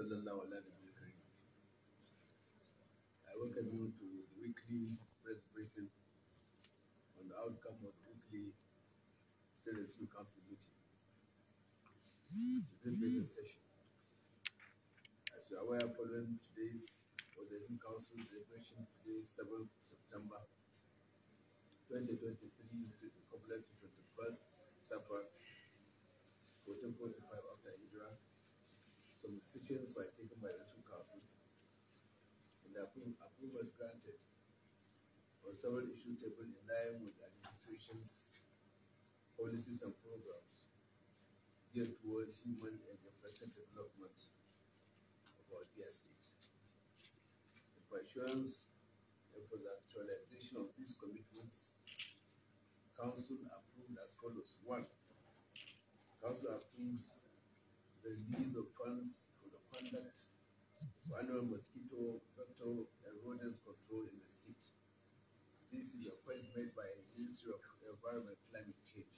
وصلى الله I welcome you to the weekly press briefing on the outcome of the weekly state New Council meeting. This is session. As you are aware, following today's for the new council deliberation today, 7th September 2023, the Republic 21st, Supper, 1445 after Hijrah. Decisions were taken by the two councils, and approval was granted on several issues, tabled in line with the administration's policies and programs geared towards human and infrastructure development of our dear state. And for assurance and for the actualization of these commitments, Council approved as follows. One, Council approves release of funds for the conduct of annual mosquito, vector, and rodents control in the state. This is a request made by Ministry of Environment Climate Change.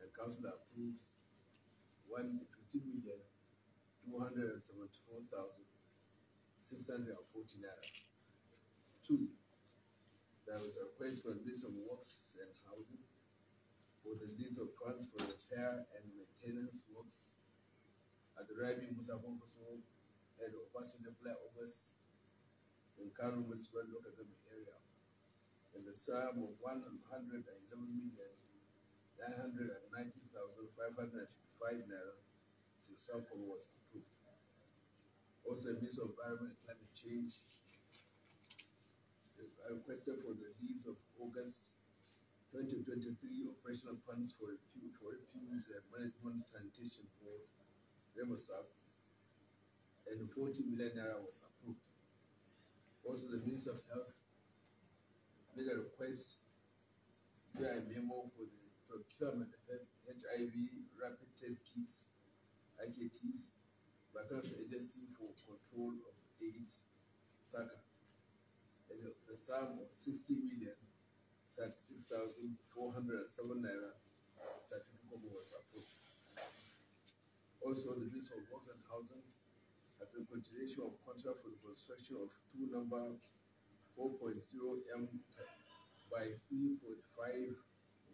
The Council approves 1,274,640 naira. Two, there was a request for the Minister of Works and Housing for the release of funds for repair and maintenance works Rabi Musa Kwankwaso and Obasanjo flyovers in Kano Municipal Local Government Area and the sum of 111,990,555 naira since Sankon was approved. Also, the Minister of Environment and Climate Change I requested for the release of August 2023 operational funds for, for refuse and management sanitation board Remusap, and 40 million naira was approved. Also, the Minister of Health made a request via a memo for the procurement of HIV rapid test kits, IKTs, by the Agency for Control of AIDS, SACA, and the sum of 60 million, 36,407 naira, certificate was approved. Also, the list of works and housing as a continuation of contract for the construction of two number 4.0 M by 3.5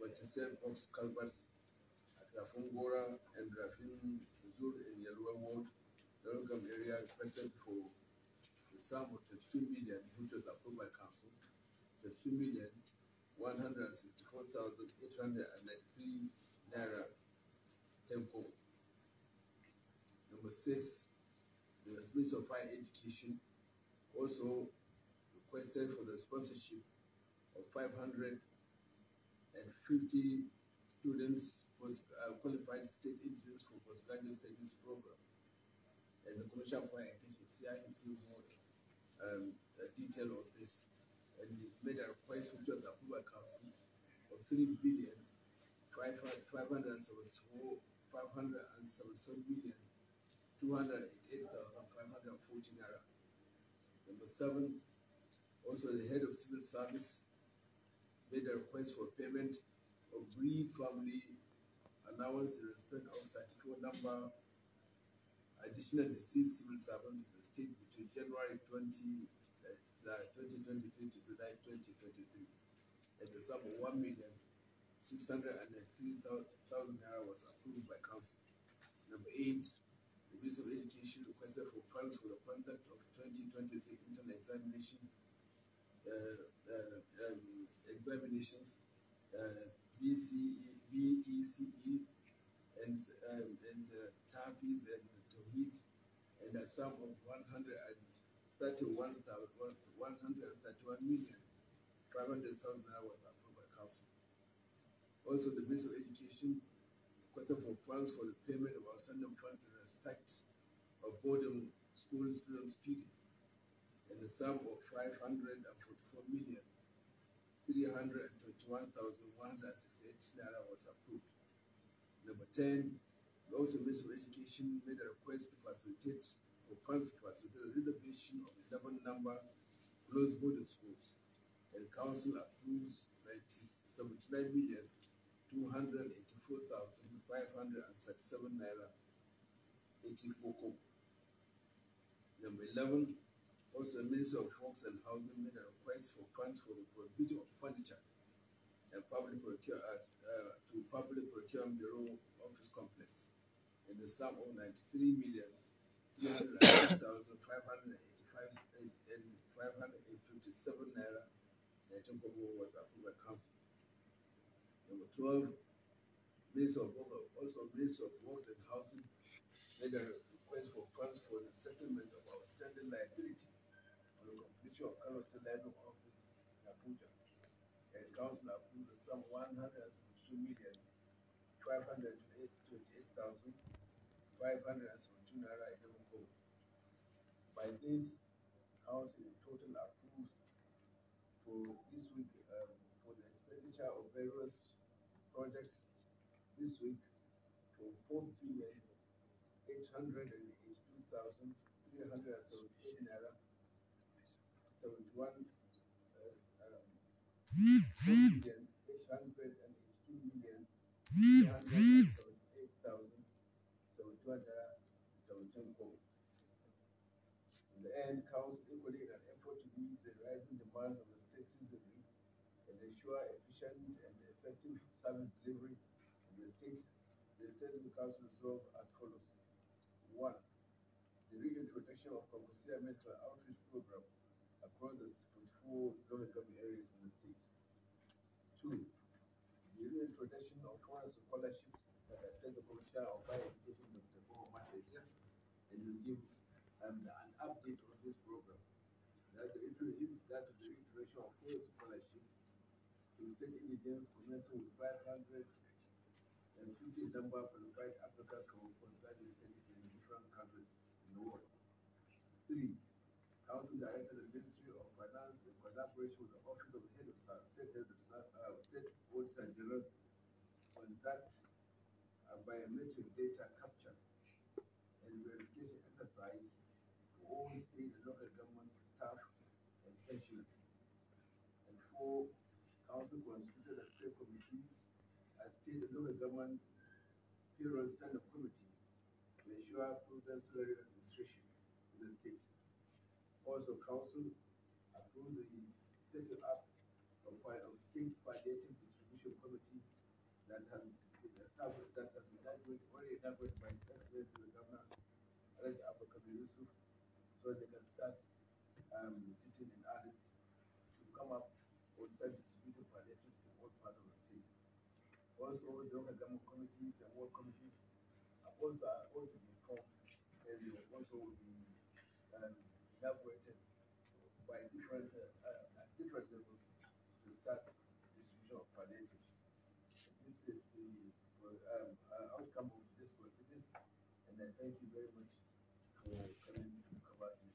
multi box culverts at Rafungora and Rafin Zur in Yaruwa Ward, Narugam area requested for the sum of 22 million, which was approved by council, 22 million 164,893 naira temple six, the Minister of Higher Education also requested for the sponsorship of 550 students uh, qualified state engineers for postgraduate studies program. And the Commission for Higher Education, CIE, gave more detail on this. And it made a request, which was approved by Council, of 3 billion 574 577 million 288,540 naira. Number seven, also the head of civil service made a request for payment of brief family allowance in respect of 34 number additional deceased civil servants in the state between January 20, uh, uh 2023 to July 2023. And the sum of one million six hundred and three thousand naira was approved by council. Number eight, the Ministry of Education requested for funds for the conduct of 2023 internal examination uh, uh, um, examinations, uh, BCE, BECE, and um, and uh, Tafiz and and a sum of 131 million 500,000 was approved by council. Also, the Ministry of Education funds for the payment of our Sandham funds in respect of boarding school students' feeding in the sum of 544 million. 321,168 naira was approved. Number 10, the Office of Ministry of Education made a request to facilitate or funds to facilitate the renovation of 11 number closed boarding schools, and Council approves 79 million 280 4,537 naira 84 kobo. Number 11, also the Minister of Works and Housing made a request for funds for the provision of furniture and public procure at, uh, uh, to Public Procurement Bureau office complex in the sum of 93 million 300,585 and 557 was approved by council. Number 12, Minister of Work, also Minister of Works and Housing, made a request for funds for the settlement of outstanding liability on the completion of Carlos Library Office in Abuja. And Council approved the sum 172 million, 528,572 naira 11 gold. By this, Council in total approves for this week um, for the expenditure of various projects this week to 4,882,378 naira 71 uh, um, 882 million 378,071 naira 17 gold. In the end, counts equally in an effort to meet the rising demands of the state citizenry and ensure efficient and effective service delivery the state, the state council drove as follows. One, the region protection of Kamusia mental outreach program across the 44 local government areas in the state. Two, the region protection of foreign scholarships that are set the commissioner of higher education, Dr. Bobo Matesa, and will give um, an update on this program. That the, that the reiteration of full scholarship to state indigenous commencing with 500 and 15 number qualified applicants from qualified studies in different countries in the world. Three, Council directed the Ministry of Finance in collaboration with the Office of the Head of State, Head of uh, State Auditor General conduct a biometric data capture and verification exercise for all state and local government staff and pensions. And four, Council constitution the and local government Bureau Stand-Up Committee to ensure prudent salary administration in the state. Also, council also the academic committees and work committees have also, are also been formed and uh, also will be um, by different, uh, uh, at different levels to start distribution of palliatives. This is the um, uh, outcome of this proceedings and I thank you very much for coming to cover this.